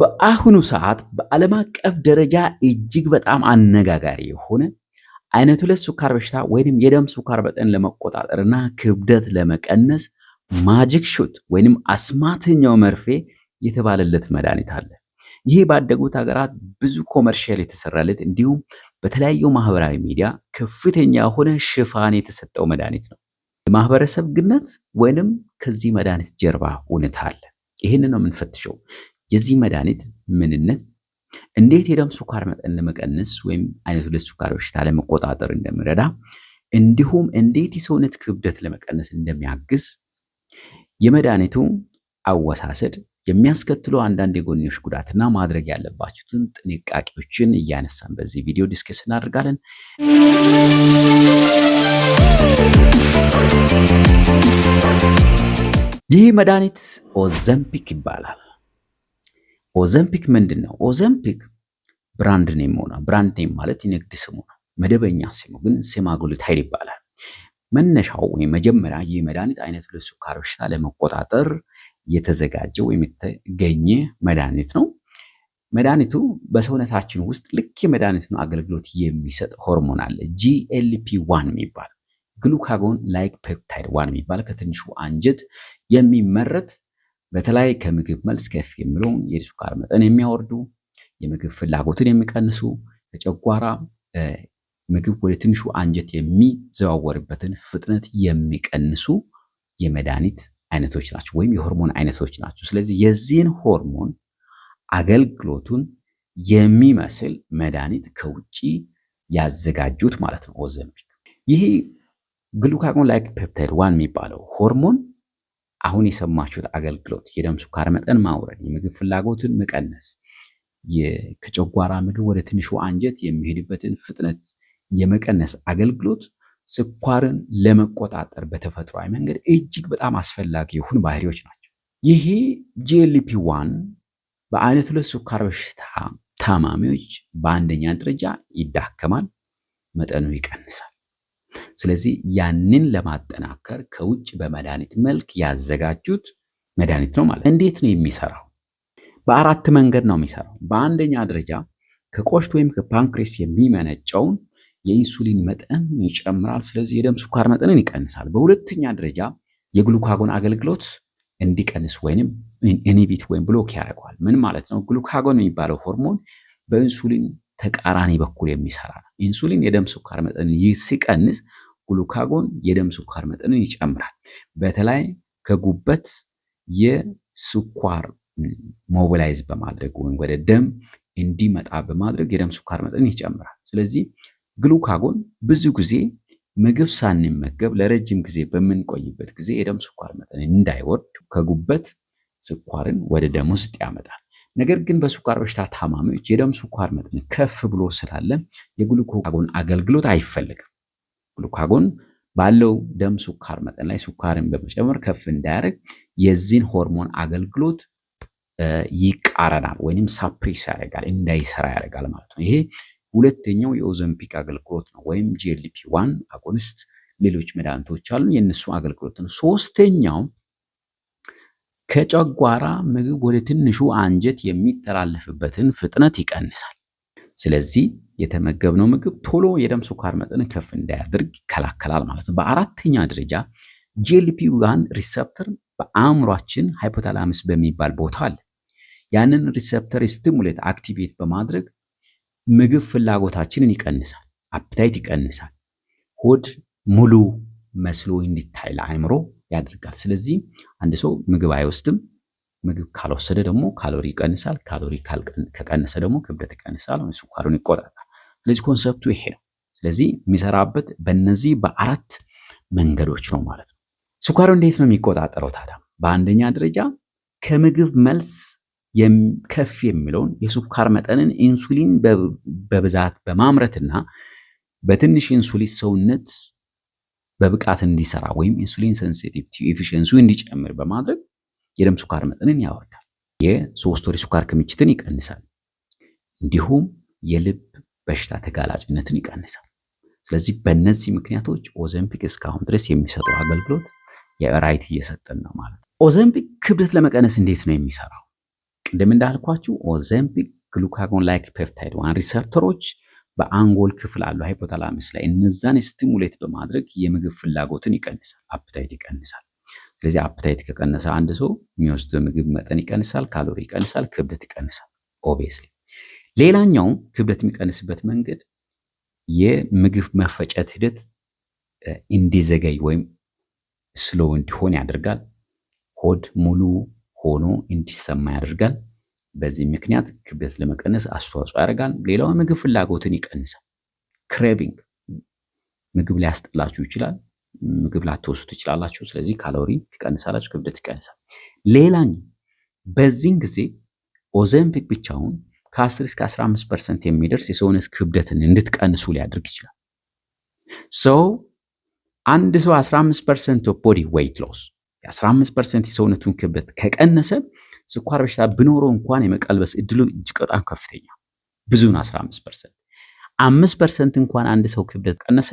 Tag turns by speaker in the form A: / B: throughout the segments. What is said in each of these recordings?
A: በአሁኑ ሰዓት በዓለም አቀፍ ደረጃ እጅግ በጣም አነጋጋሪ የሆነ አይነት ሁለት ስኳር በሽታ ወይንም የደም ስኳር መጠን ለመቆጣጠርና ክብደት ለመቀነስ ማጂክ ሹት ወይንም አስማተኛው መርፌ የተባለለት መድኃኒት አለ። ይህ ባደጉት ሀገራት ብዙ ኮመርሻል የተሰራለት እንዲሁም በተለያዩ ማህበራዊ ሚዲያ ከፍተኛ የሆነ ሽፋን የተሰጠው መድኃኒት ነው። የማህበረሰብ ግነት ወይንም ከዚህ መድኃኒት ጀርባ እውነት አለ። ይህን ነው የምንፈትሸው። የዚህ መድኃኒት ምንነት፣ እንዴት የደም ስኳር መጠን ለመቀነስ ወይም አይነት ሁለት ስኳር በሽታ ለመቆጣጠር እንደሚረዳ እንዲሁም እንዴት የሰውነት ክብደት ለመቀነስ እንደሚያግዝ የመድኃኒቱ አወሳሰድ የሚያስከትሉ አንዳንድ የጎንዮሽ ጉዳትና ማድረግ ያለባችሁትን ጥንቃቄዎችን እያነሳን በዚህ ቪዲዮ ዲስከስ እናደርጋለን። ይህ መድኃኒት ኦዘምፒክ ይባላል። ኦዘምፒክ ምንድን ነው? ኦዘምፒክ ብራንድ ኔም ሆና ብራንድ ኔም ማለት የንግድ ስሙ ነው። መደበኛ ስሙ ግን ሴማግሉታይድ ይባላል። መነሻው ወይም መጀመሪያ ይህ መድኃኒት አይነት ሁለት ስኳር በሽታ ለመቆጣጠር የተዘጋጀ ወይም የተገኘ መድኃኒት ነው። መድኃኒቱ በሰውነታችን ውስጥ ልክ የመድኃኒቱን አገልግሎት የሚሰጥ ሆርሞን አለ፣ ጂኤልፒ ዋን የሚባል ግሉካጎን ላይክ ፔፕታይድ ዋን የሚባል ከትንሹ አንጀት የሚመረት በተለይ ከምግብ መልስ ከፍ የሚለው የስኳር መጠን የሚያወርዱ የምግብ ፍላጎትን የሚቀንሱ በጨጓራ ምግብ ወደ ትንሹ አንጀት የሚዘዋወርበትን ፍጥነት የሚቀንሱ የመድኃኒት አይነቶች ናቸው፣ ወይም የሆርሞን አይነቶች ናቸው። ስለዚህ የዚህን ሆርሞን አገልግሎቱን የሚመስል መድኃኒት ከውጭ ያዘጋጁት ማለት ነው ኦዘምፒክ። ይህ ግሉካጎን ላይክ ፔፕታይድ ዋን የሚባለው ሆርሞን አሁን የሰማችሁት አገልግሎት የደም ስኳር መጠን ማውረድ፣ የምግብ ፍላጎትን መቀነስ፣ ከጨጓራ ምግብ ወደ ትንሹ አንጀት የሚሄድበትን ፍጥነት የመቀነስ አገልግሎት ስኳርን ለመቆጣጠር በተፈጥሯዊ መንገድ እጅግ በጣም አስፈላጊ የሆኑ ባህሪዎች ናቸው። ይሄ ጂኤልፒ ዋን በአይነት ሁለት ስኳር በሽታ ታማሚዎች በአንደኛ ደረጃ ይዳከማል፣ መጠኑ ይቀንሳል። ስለዚህ ያንን ለማጠናከር ከውጭ በመድኃኒት መልክ ያዘጋጁት መድኃኒት ነው ማለት። እንዴት ነው የሚሰራው? በአራት መንገድ ነው የሚሰራው። በአንደኛ ደረጃ ከቆሽት ወይም ከፓንክሬስ የሚመነጨውን የኢንሱሊን መጠን ይጨምራል። ስለዚህ የደም ስኳር መጠንን ይቀንሳል። በሁለተኛ ደረጃ የግሉካጎን አገልግሎት እንዲቀንስ ወይም ኢንሂቢት ወይም ብሎክ ያደርገዋል። ምን ማለት ነው? ግሉካጎን የሚባለው ሆርሞን በኢንሱሊን ተቃራኒ በኩል የሚሰራ ነው። ኢንሱሊን የደም ስኳር መጠንን ሲቀንስ፣ ግሉካጎን የደም ስኳር መጠንን ይጨምራል። በተለይ ከጉበት የስኳር ሞቢላይዝ በማድረግ ወይም ወደ ደም እንዲመጣ በማድረግ የደም ስኳር መጠን ይጨምራል። ስለዚህ ግሉካጎን ብዙ ጊዜ ምግብ ሳንመገብ ለረጅም ጊዜ በምንቆይበት ጊዜ የደም ስኳር መጠን እንዳይወርድ ከጉበት ስኳርን ወደ ደም ውስጥ ያመጣል። ነገር ግን በስኳር በሽታ ታማሚዎች የደም ስኳር መጠን ከፍ ብሎ ስላለ የግሉካጎን አገልግሎት አይፈልግም። ግሉካጎን ባለው ደም ስኳር መጠን ላይ ስኳርን በመጨመር ከፍ እንዳያደርግ የዚህን ሆርሞን አገልግሎት ይቃረናል ወይም ሳፕሬስ ያደርጋል፣ እንዳይሰራ ያደርጋል ማለት ነው። ይሄ ሁለተኛው የኦዘምፒክ አገልግሎት ነው፣ ወይም ጂኤልፒ ዋን አጎኒስት። ሌሎች መድኃኒቶች አሉ፣ የእነሱ አገልግሎት ነው። ሶስተኛው ከጨጓራ ምግብ ወደ ትንሹ አንጀት የሚተላለፍበትን ፍጥነት ይቀንሳል። ስለዚህ የተመገብነው ምግብ ቶሎ የደም ስኳር መጠን ከፍ እንዳያደርግ ይከላከላል ማለት ነው። በአራተኛ ደረጃ ጂልፒ ዋን ሪሰፕተር በአእምሯችን ሃይፖታላምስ በሚባል ቦታ አለ። ያንን ሪሰፕተር ስቲሙሌት አክቲቬት በማድረግ ምግብ ፍላጎታችንን ይቀንሳል፣ አፕታይት ይቀንሳል። ሆድ ሙሉ መስሎ እንዲታይ ለአእምሮ ያደርጋል። ስለዚህ አንድ ሰው ምግብ አይወስድም። ምግብ ካልወሰደ ደግሞ ካሎሪ ይቀንሳል። ካሎሪ ከቀነሰ ደግሞ ክብደት ይቀንሳል፣ ስኳሩን ይቆጣጣል። ስለዚህ ኮንሰፕቱ ይሄ ነው። ስለዚህ የሚሰራበት በእነዚህ በአራት መንገዶች ነው ማለት ነው። ስኳሩ እንዴት ነው የሚቆጣጠረው ታዲያ? በአንደኛ ደረጃ ከምግብ መልስ ከፍ የሚለውን የስኳር መጠንን ኢንሱሊን በብዛት በማምረትና በትንሽ ኢንሱሊን ሰውነት በብቃት እንዲሰራ ወይም ኢንሱሊን ሴንሲቲቪቲ ኤፊሽንሲ እንዲጨምር በማድረግ የደም ስኳር መጠንን ያወርዳል። የሶስት ወር ስኳር ክምችትን ይቀንሳል። እንዲሁም የልብ በሽታ ተጋላጭነትን ይቀንሳል። ስለዚህ በእነዚህ ምክንያቶች ኦዘምፒክ እስካሁን ድረስ የሚሰጠው አገልግሎት የራይት እየሰጠን ነው ማለት ነው። ኦዘምፒክ ክብደት ለመቀነስ እንዴት ነው የሚሰራው? ቅድም እንዳልኳችሁ ኦዘምፒክ ግሉካጎን ላይክ ፔፕታይድ ዋን ሪሰፕተሮች በአንጎል ክፍል አለው ሃይፖታላሚስ ላይ እነዛን ስቲሙሌት በማድረግ የምግብ ፍላጎትን ይቀንሳል፣ አፕታይት ይቀንሳል። ስለዚህ አፕታይት ከቀነሰ አንድ ሰው የሚወስደው ምግብ መጠን ይቀንሳል፣ ካሎሪ ይቀንሳል፣ ክብደት ይቀንሳል። ኦብቪየስሊ ሌላኛው ክብደት የሚቀንስበት መንገድ የምግብ መፈጨት ሂደት እንዲዘገይ ወይም ስሎ እንዲሆን ያደርጋል። ሆድ ሙሉ ሆኖ እንዲሰማ ያደርጋል። በዚህ ምክንያት ክብደት ለመቀነስ አስተዋጽኦ ያደርጋል። ሌላው ምግብ ፍላጎትን ይቀንሳል። ክሬቪንግ ምግብ ሊያስጥላችሁ ይችላል። ምግብ ላትወስዱ ትችላላችሁ። ስለዚህ ካሎሪ ትቀንሳላችሁ፣ ክብደት ይቀንሳል። ሌላኛው በዚህን ጊዜ ኦዘምፒክ ብቻውን ከ10 እስከ 15 ፐርሰንት የሚደርስ የሰውነት ክብደትን እንድትቀንሱ ሊያደርግ ይችላል። ሰው አንድ ሰው 15 ፐርሰንት ኦፍ ቦዲ ዌይት ሎስ የ15 ፐርሰንት የሰውነቱን ክብደት ከቀነሰ ስኳር በሽታ ብኖረው እንኳን የመቀልበስ እድሉ እጅግ በጣም ከፍተኛ ብዙን 15 ፐርሰንት አምስት ፐርሰንት እንኳን አንድ ሰው ክብደት ቀነሰ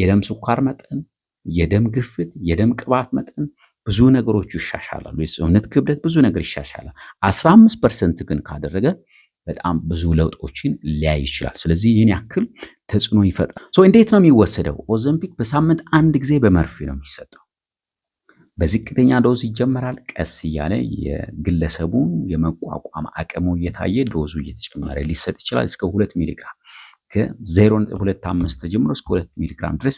A: የደም ስኳር መጠን፣ የደም ግፍት የደም ቅባት መጠን ብዙ ነገሮች ይሻሻላሉ። የሰውነት ክብደት ብዙ ነገር ይሻሻላል። 15 ፐርሰንት ግን ካደረገ በጣም ብዙ ለውጦችን ሊያይ ይችላል። ስለዚህ ይህን ያክል ተጽዕኖ ይፈጥራል። እንዴት ነው የሚወሰደው? ኦዘምፒክ በሳምንት አንድ ጊዜ በመርፌ ነው የሚሰጠው። በዝቅተኛ ዶዝ ይጀመራል። ቀስ እያለ የግለሰቡን የመቋቋም አቅሙ እየታየ ዶዙ እየተጨመረ ሊሰጥ ይችላል። እስከ ሁለት ሚሊግራም ከ ነጥብ ሁለት እስከ ሁለት ሚሊግራም ድረስ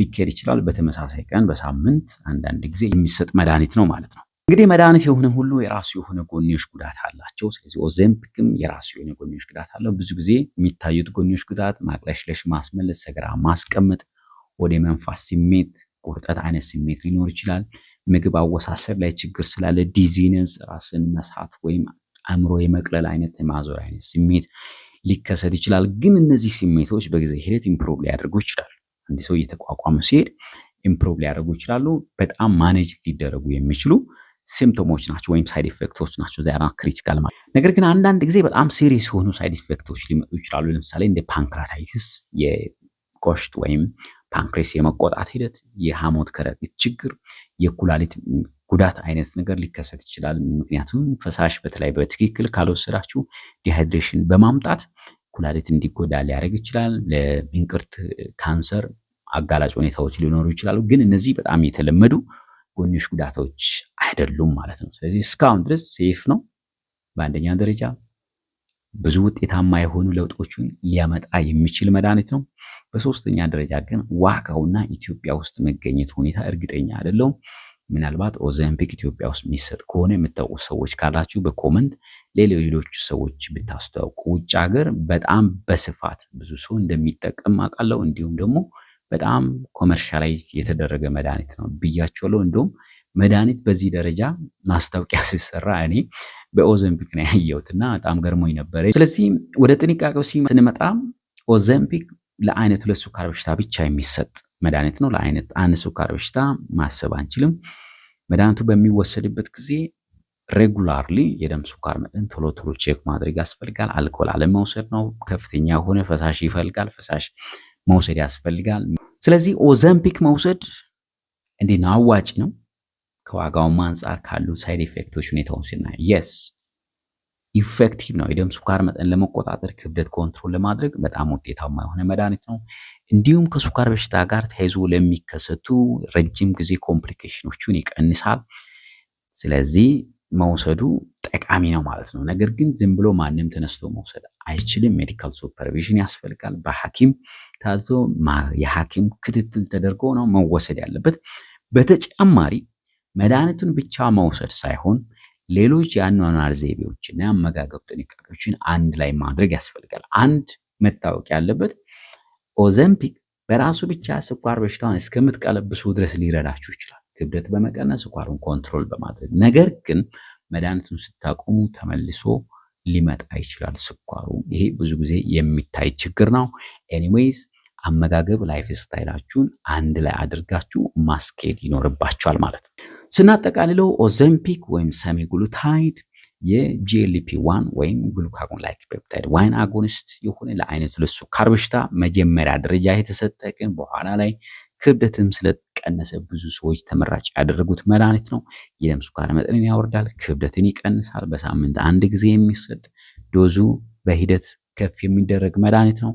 A: ሊካሄድ ይችላል። በተመሳሳይ ቀን በሳምንት አንዳንድ ጊዜ የሚሰጥ መድኃኒት ነው ማለት ነው። እንግዲህ መድኃኒት የሆነ ሁሉ የራሱ የሆነ ጎንዮሽ ጉዳት አላቸው። ስለዚህ ኦዜምፒክም የራሱ የሆነ ጎንዮሽ ጉዳት አለው። ብዙ ጊዜ የሚታዩት ጎንዮሽ ጉዳት ማቅለሽለሽ፣ ማስመለስ፣ ሰገራ ማስቀመጥ፣ ወደ መንፋስ ስሜት፣ ቁርጠት አይነት ስሜት ሊኖር ይችላል። ምግብ አወሳሰድ ላይ ችግር ስላለ ዲዚነስ፣ ራስን መሳት ወይም አእምሮ የመቅለል አይነት የማዞር አይነት ስሜት ሊከሰት ይችላል። ግን እነዚህ ስሜቶች በጊዜ ሂደት ኢምፕሮቭ ሊያደርጉ ይችላሉ። አንድ ሰው እየተቋቋመ ሲሄድ ኢምፕሮቭ ሊያደርጉ ይችላሉ። በጣም ማኔጅ ሊደረጉ የሚችሉ ሲምፕቶሞች ናቸው ወይም ሳይድ ኢፌክቶች ናቸው። ዚያና ክሪቲካል ማለት ነገር ግን አንዳንድ ጊዜ በጣም ሲሪየስ የሆኑ ሳይድ ኢፌክቶች ሊመጡ ይችላሉ። ለምሳሌ እንደ ፓንክራታይቲስ የቆሽት ወይም ፓንክሬስ የመቆጣት ሂደት፣ የሐሞት ከረጢት ችግር፣ የኩላሊት ጉዳት አይነት ነገር ሊከሰት ይችላል። ምክንያቱም ፈሳሽ በተለይ በትክክል ካልወሰዳችሁ ዲሃይድሬሽን በማምጣት ኩላሊት እንዲጎዳ ሊያደርግ ይችላል። ለእንቅርት ካንሰር አጋላጭ ሁኔታዎች ሊኖሩ ይችላሉ። ግን እነዚህ በጣም የተለመዱ ጎንዮሽ ጉዳቶች አይደሉም ማለት ነው። ስለዚህ እስካሁን ድረስ ሴፍ ነው በአንደኛ ደረጃ ብዙ ውጤታማ የሆኑ ለውጦችን ሊያመጣ የሚችል መድኃኒት ነው። በሶስተኛ ደረጃ ግን ዋጋውና ኢትዮጵያ ውስጥ መገኘት ሁኔታ እርግጠኛ አይደለውም ምናልባት ኦዘምፒክ ኢትዮጵያ ውስጥ የሚሰጥ ከሆነ የምታውቁ ሰዎች ካላችሁ በኮመንት ሌሎች ሰዎች ብታስተዋውቁ። ውጭ ሀገር በጣም በስፋት ብዙ ሰው እንደሚጠቀም አውቃለሁ። እንዲሁም ደግሞ በጣም ኮመርሻላይዝ የተደረገ መድኃኒት ነው ብያቸዋለሁ። እንዲሁም መድኃኒት በዚህ ደረጃ ማስታወቂያ ሲሰራ እኔ በኦዘምፒክ ነው ያየሁት እና በጣም ገርሞኝ ነበረ። ስለዚህ ወደ ጥንቃቄው ስንመጣ ኦዘምፒክ ለአይነት ሁለት ሱካር በሽታ ብቻ የሚሰጥ መድኃኒት ነው። ለአይነት አንድ ሱካር በሽታ ማሰብ አንችልም። መድኃኒቱ በሚወሰድበት ጊዜ ሬጉላርሊ የደም ሱካር መጠን ቶሎ ቶሎ ቼክ ማድረግ ያስፈልጋል። አልኮል አለመውሰድ ነው። ከፍተኛ የሆነ ፈሳሽ ይፈልጋል። ፈሳሽ መውሰድ ያስፈልጋል። ስለዚህ ኦዘምፒክ መውሰድ እንዲህ አዋጭ ነው። ከዋጋውም አንጻር ካሉ ሳይድ ኢፌክቶች ሁኔታውን ስናይ የስ ኢፌክቲቭ ነው። የደም ሱካር መጠን ለመቆጣጠር ክብደት ኮንትሮል ለማድረግ በጣም ውጤታማ የሆነ መድኃኒት ነው። እንዲሁም ከሱካር በሽታ ጋር ተያይዞ ለሚከሰቱ ረጅም ጊዜ ኮምፕሊኬሽኖቹን ይቀንሳል። ስለዚህ መውሰዱ ጠቃሚ ነው ማለት ነው። ነገር ግን ዝም ብሎ ማንም ተነስቶ መውሰድ አይችልም። ሜዲካል ሱፐርቪዥን ያስፈልጋል። በሐኪም ታዞ የሐኪም ክትትል ተደርጎ ነው መወሰድ ያለበት። በተጨማሪ መድኃኒቱን ብቻ መውሰድ ሳይሆን ሌሎች የአኗኗር ዘይቤዎችና የአመጋገብ ጥንቃቄዎችን አንድ ላይ ማድረግ ያስፈልጋል። አንድ መታወቅ ያለበት ኦዘምፒክ በራሱ ብቻ ስኳር በሽታን እስከምትቀለብሱ ድረስ ሊረዳችሁ ይችላል፣ ክብደት በመቀነስ ስኳሩን ኮንትሮል በማድረግ ነገር ግን መድኃኒቱን ስታቆሙ ተመልሶ ሊመጣ ይችላል ስኳሩ። ይሄ ብዙ ጊዜ የሚታይ ችግር ነው። ኤኒዌይስ አመጋገብ ላይፍ ስታይላችሁን አንድ ላይ አድርጋችሁ ማስኬድ ይኖርባችኋል ማለት ነው። ስናጠቃልለው ኦዘምፒክ ወይም ሰሚግሉታይድ የጂኤልፒ ዋን ወይም ግሉካጎን ላይክ ፔፕታይድ ዋይን አጎኒስት የሆነ ለአይነት ሁለት በሽታ መጀመሪያ ደረጃ የተሰጠ ግን በኋላ ላይ ክብደትም ስለቀነሰ ብዙ ሰዎች ተመራጭ ያደረጉት መድኃኒት ነው። የደም ስኳር መጠንን ያወርዳል፣ ክብደትን ይቀንሳል። በሳምንት አንድ ጊዜ የሚሰጥ ዶዙ በሂደት ከፍ የሚደረግ መድኃኒት ነው።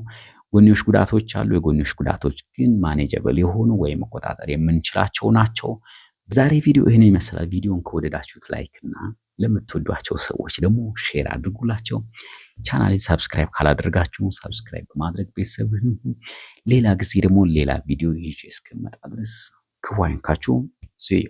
A: ጎንዮሽ ጉዳቶች አሉ። የጎንዮሽ ጉዳቶች ግን ማኔጀብል የሆኑ ወይም መቆጣጠር የምንችላቸው ናቸው። ዛሬ ቪዲዮ ይህን ይመስላል። ቪዲዮን ከወደዳችሁት ላይክ እና ለምትወዷቸው ሰዎች ደግሞ ሼር አድርጉላቸው። ቻናሌን ሳብስክራይብ ካላደረጋችሁ ሳብስክራይብ በማድረግ ቤተሰብ ሌላ ጊዜ ደግሞ ሌላ ቪዲዮ ይዤ እስከመጣ ድረስ ክፉ አይንካችሁ ስዩ